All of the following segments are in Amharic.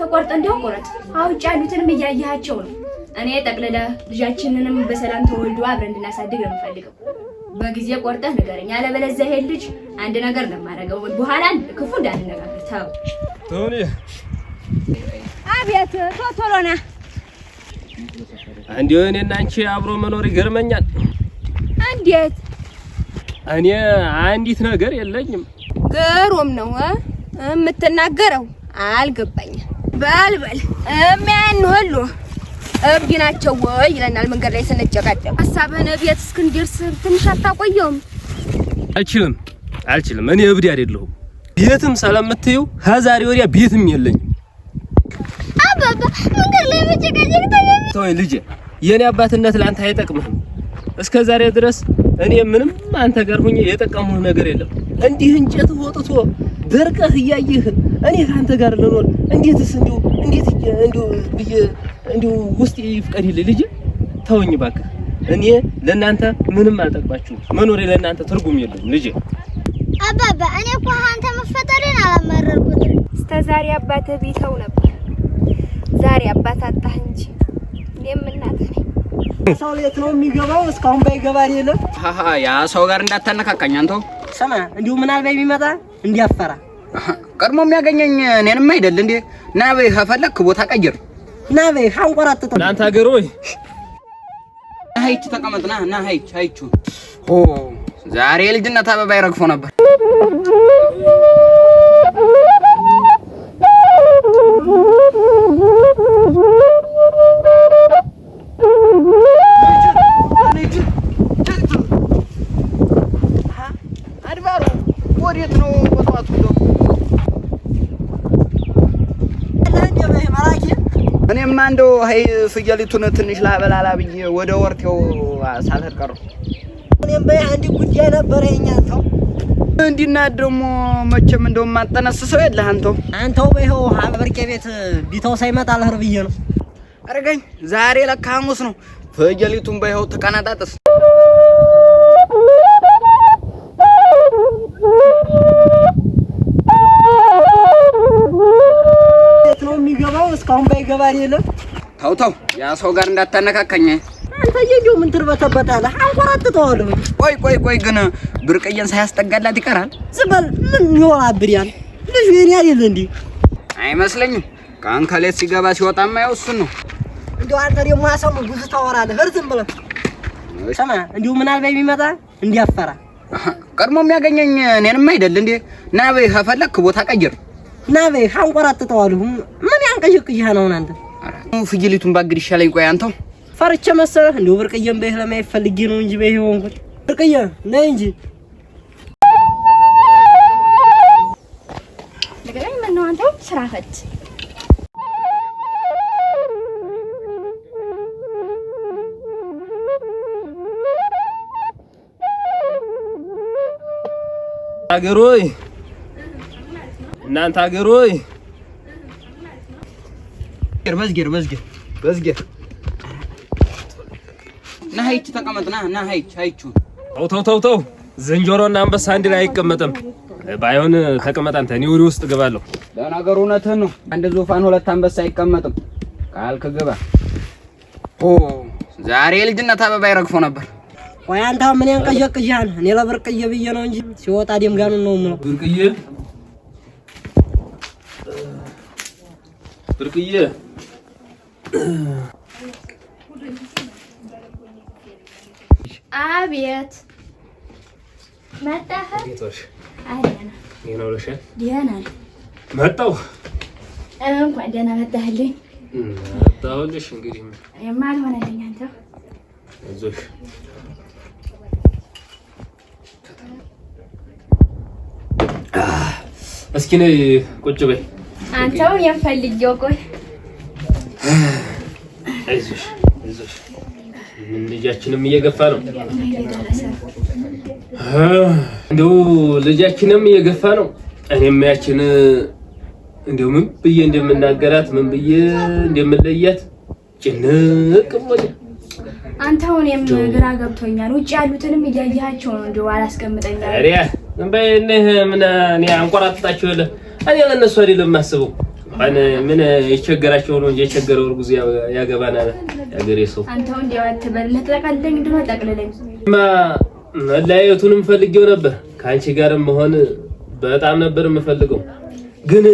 ተቆርጠ እንዲያው ቆረጥ አውጭ ያሉትንም እያየሃቸው ነው። እኔ ጠቅልለ ልጃችንንም በሰላም ተወልዶ አብረን እንድናሳድግ ነው የምፈልገው። በጊዜ ቆርጠህ ንገረኝ፣ አለበለዚያ ይሄ ልጅ አንድ ነገር ነው የማደርገው። በኋላ ክፉ እንዳንነጋገር። ተው ቶኒ አቤት ቶቶሎ ና። እንዲሁ እኔና አንቺ አብሮ መኖር ይገርመኛል። እንዴት? እኔ አንዲት ነገር የለኝም። ግሩም ነው የምትናገረው፣ አልገባኝም በል በል እሚያን ሁሉ እብድ ናቸው ወይ ይለናል። መንገድ ላይ ስንጨቃጨቅ ሀሳብህን ቤት እስክንደርስ ትንሽ አታቆየውም? አልችልም፣ አልችልም። እኔ እብድ አይደለሁም። ቤትም ስለምትይው ከዛሬ ወዲያ ቤትም የለኝም። አባባ መንገድ ላይ መጨቃጨቅ ተገቢ። ተወኝ ልጄ፣ የእኔ አባትነት ለአንተ አይጠቅምህም። እስከ ዛሬ ድረስ እኔ ምንም አንተ ጋር ሁኜ የጠቀምሁ ነገር የለም። እንዲህ እንጨት ወጥቶ ደርቀህ እያየህ እኔ ከአንተ ጋር ልኖር እንዴትስ እንዲሁ እንዴት እንዲሁ ብዬ እንዲሁ ውስጥ ይፍቀድልኝ ልጅ ተወኝ እባክህ። እኔ ለእናንተ ምንም አልጠቅማችሁም። መኖሬ ለእናንተ ትርጉም የለም። ልጅ አባባ። እኔ እኮ አንተ መፈጠርን አላማረርኩትም። እስከ ዛሬ አባትህ ቢተው ነበር። ዛሬ አባት አጣህ እንጂ እኔም እናትህ ነኝ። ሰው የት ነው የሚገባው? እስካሁን ባይገባ የለም። ያ ሰው ጋር እንዳታነካካኝ አንተው። ስማ እንዲሁ ምናልባት የሚመጣ እንዲያፈራ ቀድሞ የሚያገኘኝ እኔንም አይደል እንዴ? ና በይ ከፈለክ ቦታ ቀይር። ና በይ አንቆራጥጥ እናንተ ሀገር ወይ ሀይች ተቀመጥ። ና ና ሀይች ሀይቹ ኦ ዛሬ ልጅነት አበባ ይረግፎ ነበር። ሀይ ፍየሊቱን ትንሽ ላበላላ ብዬ ወደ ወርቴው ሳልሄድ ቀሩ። እኔም በይ አንድ ጉዳይ ነበረ የኛንተው እንዲና ደግሞ መቼም እንደው ማጠነስሰው የለህ አንተው አንተው በይኸው ሀበርቄ ቤት ቢተው ሳይመጣ አልሄድ ብዬ ነው። አረገኝ ዛሬ ለካ ሐሙስ ነው። ፍየሊቱን በይኸው ተቀናጣጥስ ነው እስካሁን ባይገባ የለም ተው ተው፣ ያ ሰው ጋር እንዳታነካከኝ። አንተ እንዲሁ ምን ትርበተበታለህ? አንኮራትተዋለሁ። ቆይ ቆይ ቆይ፣ ግን ብርቅዬን ሳያስጠጋላት ይቀራል? ዝበል በል። ምን ይወራብኛል? ልጅ የኔ አይደል እንዴ? አይመስለኝም። ቀን ከሌት ሲገባ ሲወጣማ ያው እሱን ነው። እንዲሁ አንተ ደግሞ አሰሙ ብዙ ታወራለህ። እርዝም ብለህ ስማ፣ እንዲሁ ምናልባት የሚመጣ እንዲያፈራ ቀድሞ የሚያገኘኝ እኔንም አይደል እንዴ? ና በይ፣ ከፈለክ ቦታ ቀይር። ና በይ፣ አንቆራትተዋለሁ። ምን ያንቀዥቅዥህ ነው አንተ ፍየሊቱን ባግድ ይሻለኝ። ቆይ አንተው ፈርቼ መሰለህ እንዲሁ ብርቅዬን በይህ ለማየት ፈልጌ ነው እንጂ በይህ ሆንኩት። ብርቅዬ ነይ እንጂ ስራ ፈት አገሮይ እናንተ አገሮይ መስጌር መስጌር መስጌር መስጌር ና ሀይች ተቀመጥ። ና ና ሀይች ሀይቹ ተው ተው ተው። ዝንጀሮና አንበሳ አንድ ላይ አይቀመጥም። ባይሆን ተቀመጥ አንተ፣ እኔ ወደ ውስጥ እገባለሁ። ለነገሩ እውነትህን ነው። አንድ ዙፋን ሁለት አንበሳ አይቀመጥም ካልክ ግባ። ኦ ዛሬ ልጅነት አበባ ይረግፎ ነበር። ቆይ አንተ ምን ያንቀዠቅዣል? እኔ ለብርቅዬ ብዬ ነው እንጂ ሲወጣ ደም ጋኑ ነው ነው ብርቅዬ ብርቅዬ አቤት መጣህ? ደህና እንኳን ደህና መጣህልኝ። መጣሁልሽ። እንግዲህ የማልሆነልኝ አንተ አይዞሽ እስኪ ነይ ቁጭ በይ። አንተው የምፈልጊው ቆይ አይዞሽ አይዞሽ። ልጃችንም እየገፋ ነው። እንደው ልጃችንም እየገፋ ነው። እኔም ያችን እንደው ምን ብዬ እንደምናገራት ምን ብዬ እንደምለያት ጭንቅ ብሎኝ አንተ አሁንም ግራ ገብቶኛል። ውጭ ያሉትንም እያያቸው ነው። እንደው አላስቀምጠኛል። ምን በይ እኔ ምን አንቆራጥጣቸው የለ እኔ ለእነሱ አይደለም የማስበው ምን የቸገራቸው ነው እንጂ የቸገረው እርጉዝ ያገባናል። ያገሬ ሰው መለያየቱንም ፈልጌው ነበር። ከአንቺ ጋርም መሆን በጣም ነበር የምፈልገው፣ ግን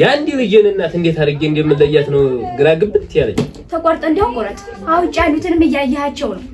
የአንድ ልጅን እናት እንዴት አድርጌ እንደምለያት ነው ግራ ግብት ያለኝ። ተቆርጠ እንዲያው ቆረጥ አውጭ ያሉትንም እያያቸው ነው።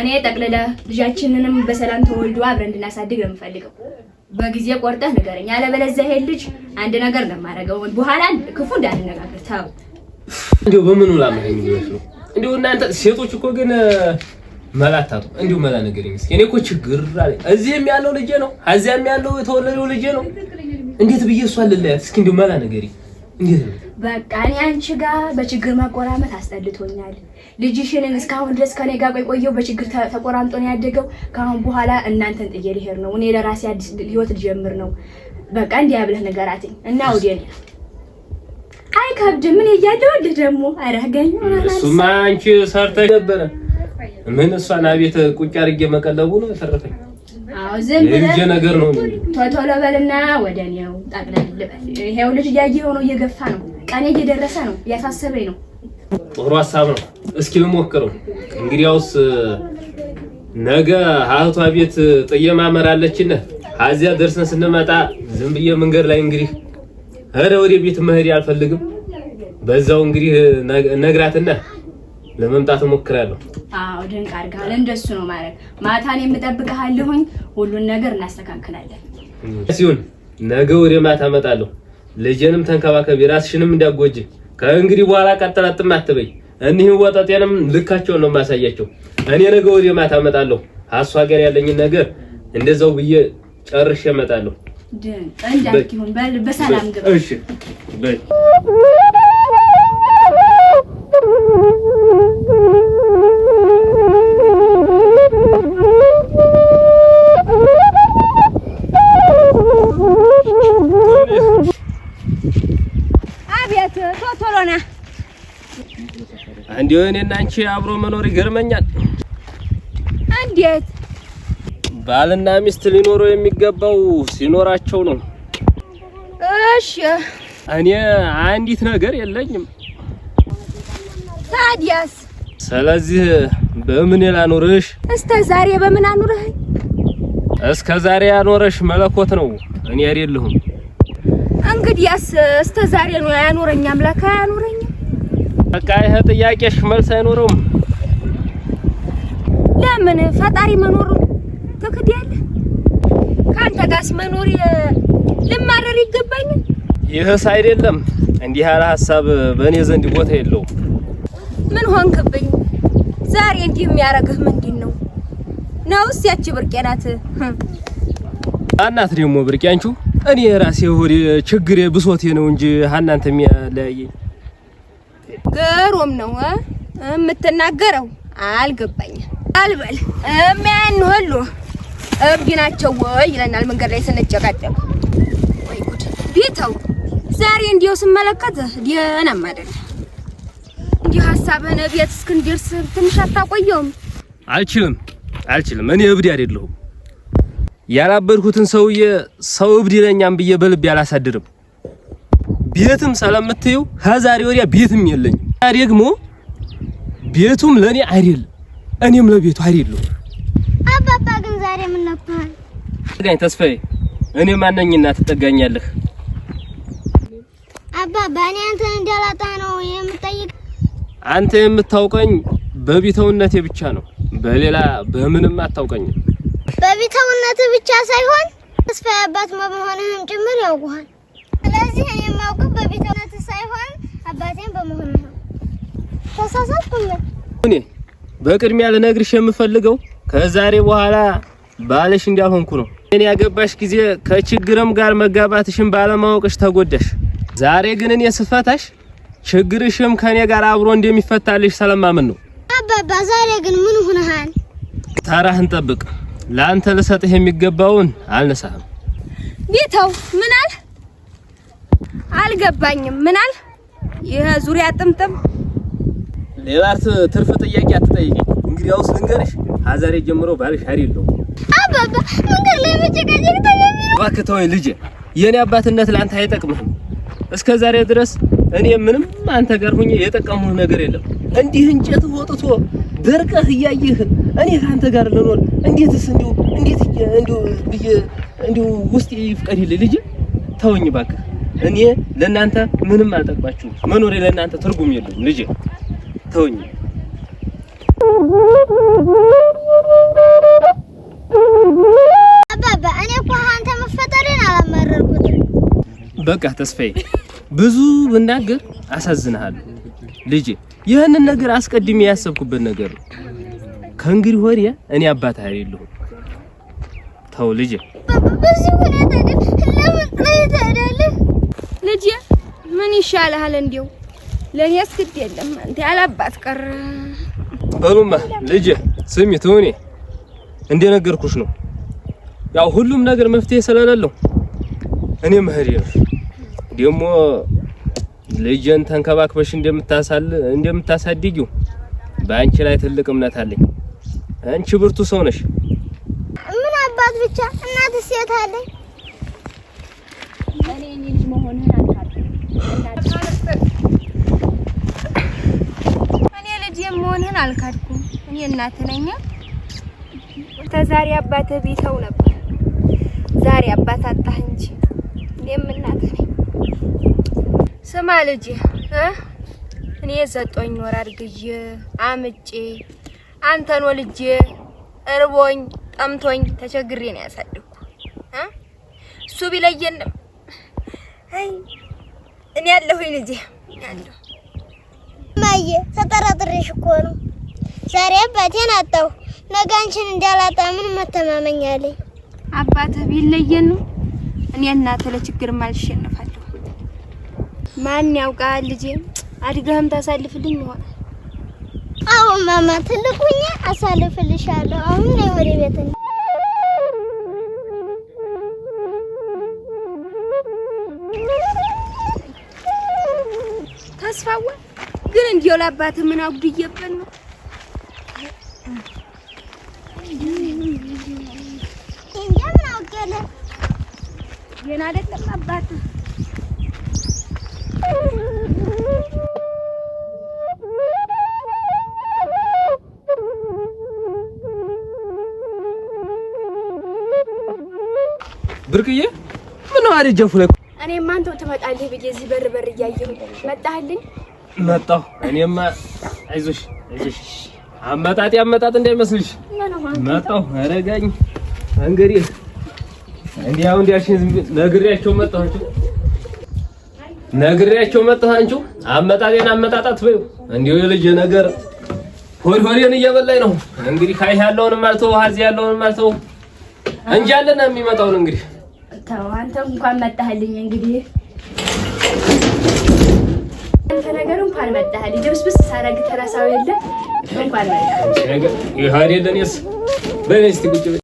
እኔ ጠቅልለ ልጃችንንም በሰላም ተወልዶ አብረን እንድናሳድግ የምፈልገው። በጊዜ ቆርጠህ ንገረኝ። አለበለዚያ ይሄ ልጅ አንድ ነገር ለማድረገው በኋላ ክፉ እንዳንነጋገር ተው። እንዲሁ በምኑ ላመለኝ የሚመስለው እንዲሁ እናንተ ሴቶች እኮ ግን መላታቱ አታጡም። እንዲሁ መላ ነገር ይመስል እኔ እኮ ችግር አለኝ። እዚህም ያለው ልጄ ነው፣ እዚያም ያለው የተወለደው ልጄ ነው። እንዴት ብዬ እሷ ልለያት? እስኪ እንዲሁ መላ ነገር እንዴት ነው? በቃ እኔ አንቺ ጋር በችግር መቆራመት አስጠልቶኛል። ልጅሽንን እስካሁን ድረስ ከኔ ጋር ቆየው በችግር ተቆራምጦ ነው ያደገው። ከአሁን በኋላ እናንተን ጥዬ ልሄድ ነው፣ እኔ ለራሴ አዲስ ህይወት ልጀምር ነው፣ በቃ እንዲህ ያብለህ ንገራትኝ እና ውዴን አይ ከብድ ምን እያደወልህ ደግሞ አረገኝ። እሱማ አንቺ ሰርተ ነበረ። ምን እሷን አቤት ቁጭ አርጌ መቀለቡ ነው ተረፈኝ። አዎ ዝም ነገር ነው። ቶቶሎ በልና ወደ እኔው ጠቅለል በል። ይሄው ልጅ እያየኸው ነው፣ እየገፋ ነው፣ ቀኔ እየደረሰ ነው፣ እያሳሰበኝ ነው። ጥሩ ሀሳብ ነው። እስኪ ልሞክረው። እንግዲያውስ ነገ ሀህቷ ቤት ጥየማ ማመራለችነ አዚያ ደርሰን ስንመጣ ዝም ብዬ መንገድ ላይ እንግዲህ ኧረ ወደ ቤት መሄድ አልፈልግም። በዛው እንግዲህ ነግራትና ለመምጣት እሞክራለሁ። አዎ ድንቅ አድርገሃል። እንደሱ ነው ማለት ማታን የምጠብቀሃለሁኝ። ሁሉን ነገር እናስተካክላለን። ሲሆን ነገ ወደ ማታ እመጣለሁ። ልጄንም ተንከባከቢ፣ ራስሽንም እንዳትጎጂ። ከእንግዲህ በኋላ ቀጠላጥም አትበይ። እኒህ ወጠጤንም ልካቸውን ነው የማሳያቸው። እኔ ነገ ወዲያ ማታ እመጣለሁ። አሷ ሀገር ያለኝን ነገር እንደዛው ብዬ ጨርሼ እመጣለሁ። በሰላም ግባ እሺ። በይ እንዲሁ እኔና አንቺ አብሮ መኖር ይገርመኛል። እንዴት ባልና ሚስት ሊኖረው የሚገባው ሲኖራቸው ነው። እሺ እኔ አንዲት ነገር የለኝም። ታዲያስ? ስለዚህ በምን ላኑርሽ? እስከ ዛሬ በምን አኑርህ? እስከ ዛሬ ያኖረሽ መለኮት ነው፣ እኔ አይደለሁም። እንግዲያስ እስከ ዛሬ ነው ያኖረኝ አምላክ ያኖረኝ በቃ ይሄ ጥያቄሽ መልስ አይኖረውም። ለምን ፈጣሪ መኖሩ ትክዳለ? ከአንተ ጋርስ መኖር ልማረር ይገባኛል። ይህስ አይደለም እንዲህ ያለ ሀሳብ በእኔ ዘንድ ቦታ የለውም። ምን ሆንክብኝ ዛሬ? እንዲህ የሚያረግህ ምንድን ነው? ነውስ ያቺ ብርቄ ናት? አናት ደግሞ ብርቄ አንቺው እኔ ራሴ ሆዴ ችግሬ ብሶቴ ነው እንጂ እናንተ የሚያለያየኝ ግሩም ነው የምትናገረው። አልገባኝም አልበል እሚያን ሁሉ እብድ ናቸው ወይ ይለናል መንገድ ላይ ስንጨቃጨቅ። ወይ ጉድ ቢተው ዛሬ እንዲው ስመለከት ደህናም አይደለም። እንዲህ ሀሳብህን ቤት እስክንደርስ ትንሽ አታቆየውም? አልችልም አልችልም። እኔ እብድ አይደለሁም። ያላበድኩትን ሰውዬ ሰው እብድ ይለኛም ብዬ በልብ አላሳድርም። ቤትም ስለምትዩ ከዛሬ ወዲያ ቤትም የለኝም። ደግሞ ቤቱም ለኔ አይደለም፣ እኔም ለቤቱ አይደለም። አባባ ግን ዛሬ ምን ነበር? ጋኝ ተስፋዬ፣ እኔ ማነኝና ትጠጋኛለህ? አባባ እኔ አንተ እንዳላጣ ነው የምጠይቅ። አንተ የምታውቀኝ በቢተውነቴ ብቻ ነው፣ በሌላ በምንም አታውቀኝም። በቢተውነትህ ብቻ ሳይሆን ተስፋዬ አባት መሆንህም ጭምር ያውቁሃል። ስለዚህ እኔ የማውቀው በቤተነት ሳይሆን አባቴን በመሆን ነው። ተሳሳትኩኝ። እኔ በቅድሚያ ልነግርሽ የምፈልገው ከዛሬ በኋላ ባለሽ እንዳልሆንኩ ነው። እኔ ያገባሽ ጊዜ ከችግርም ጋር መጋባትሽን ባለማወቅሽ ተጎዳሽ። ዛሬ ግን እኔ ስፈታሽ ችግርሽም ከኔ ጋር አብሮ እንደሚፈታልሽ ሰለማምን ነው። አባባ ዛሬ ግን ምን ሆነሃል? ተራህን ጠብቅ። ለአንተ ልሰጥህ የሚገባውን አልነሳህም። ቤተው ምን አልህ? አልገባኝም። ምናል ይሄ ዙሪያ ጥምጥም ሌላ ትርፍ ጥያቄ አትጠይቂ። እንግዲህ ያውስ ልንገርሽ፣ ሀዛሬ ጀምሮ ባልሽ ሀሪ የለውም። አባባ መንገድ ላይ መጨቃጨቅ ተገቢ ነው። እባክህ ተወኝ ልጄ፣ የእኔ አባትነት ለአንተ አይጠቅምህም። እስከ ዛሬ ድረስ እኔ ምንም አንተ ጋር ሁኜ የጠቀሙህ ነገር የለም። እንዲህ እንጨት ወጥቶ ደርቀህ እያየህ እኔ ከአንተ ጋር ልኖር እንዴትስ እንዲሁ እንዴት እንዲሁ ብዬ እንዲሁ ውስጥ ይፍቀድልኝ ልጄ፣ ተወኝ እባክህ እኔ ለእናንተ ምንም አልጠቅማችሁ መኖሬ ለእናንተ ትርጉም የለም። ልጅ ተውኝ። አባባ በቃ ተስፋዬ ብዙ ብናገር አሳዝንሃለሁ ልጅ ይህንን ነገር አስቀድሜ ያሰብኩበት ነገር ነው። ከእንግዲህ ወዲያ እኔ አባት አይደለሁም። ተው ልጅ፣ በዚህ ሁኔታ ለምን ልጄ ምን ይሻልሃል? እንዲው ለኔ እስክት የለም አንተ ያላባት ቀር በሉማ ልጄ ስሚ ትሁኔ እንደነገርኩሽ ነው። ያው ሁሉም ነገር መፍትሄ ስለሌለው እኔ መሄድ ነው። ደግሞ ልጄን ተንከባክበሽ እንደምታሳል እንደምታሳድጊው በአንቺ ላይ ትልቅ እምነት አለኝ። አንቺ ብርቱ ሰው ነሽ። ምን አባት ብቻ እናትስ የት አለኝ ቢሆን አልካድኩም። እኔ እናት ነኛ። ተዛሬ አባተ ቤተው ነበር። ዛሬ አባት አጣህ እንጂ እኔም እናት ነኝ። ስማ ልጅ እ እኔ ዘጠኝ ወር አድርግዬ አምጬ አንተን ወልጄ እርቦኝ ጠምቶኝ ተቸግሬ ነው ያሳደኩ እ እሱ ቢለየንም አይ እኔ ያለሁኝ ልጄ ያለሁ ማየ ተጠራጥሬሽ እኮ ነው። ዛሬ አባቴን አጣሁ፣ ነገ አንቺን እንዳላጣ ምን መተማመኛ አለኝ? አባትህ ቢለየን ነው እኔ እናትህ ለችግር አልሸነፋለሁ። ማን ያውቃል? ልጄ አድጋህም ታሳልፍልኝ ይሆናል። አዎ ማማ፣ ትልቁኛ አሳልፍልሻለሁ። አሁን ወደ ቤት። ግድየው ላባት ምን አጉድዬበት ነው ገና አይደለም አባት ብርቅዬ ምን ነው አደጀፉ ላይ እኔ ማንተው ትመጣለህ ብዬ እዚህ በር በር እያየሁ መጣህልኝ መጣሁ። እኔማ አይዞሽ አይዞሽ፣ አመጣጤ አመጣጥ እንዳይመስልሽ መጣሁ። አረጋኝ እንግዲህ እንዲያው እንዲያሽን ነግሬያቸው መጣሁ። አንቺ ነግሬያቸው መጣሁ። አንቺ አመጣጤን አመጣጣት በይው። እንዲው የልጅ ነገር ሆድ ሆዴን እየበላኝ ነው። እንግዲህ ካይ ያለውን ማለት ሀዚ ያለውን ማለት እንጂ አለና የሚመጣውን እንግዲህ ተው አንተ እንኳን መጣህልኝ እንግዲህ ነገር እንኳን መጣህ። ልጅብስብስ ሳረግ ተረሳው የለ እንኳን ነገር ይሄ አይደለኔስ በኔስቲ ቁጭ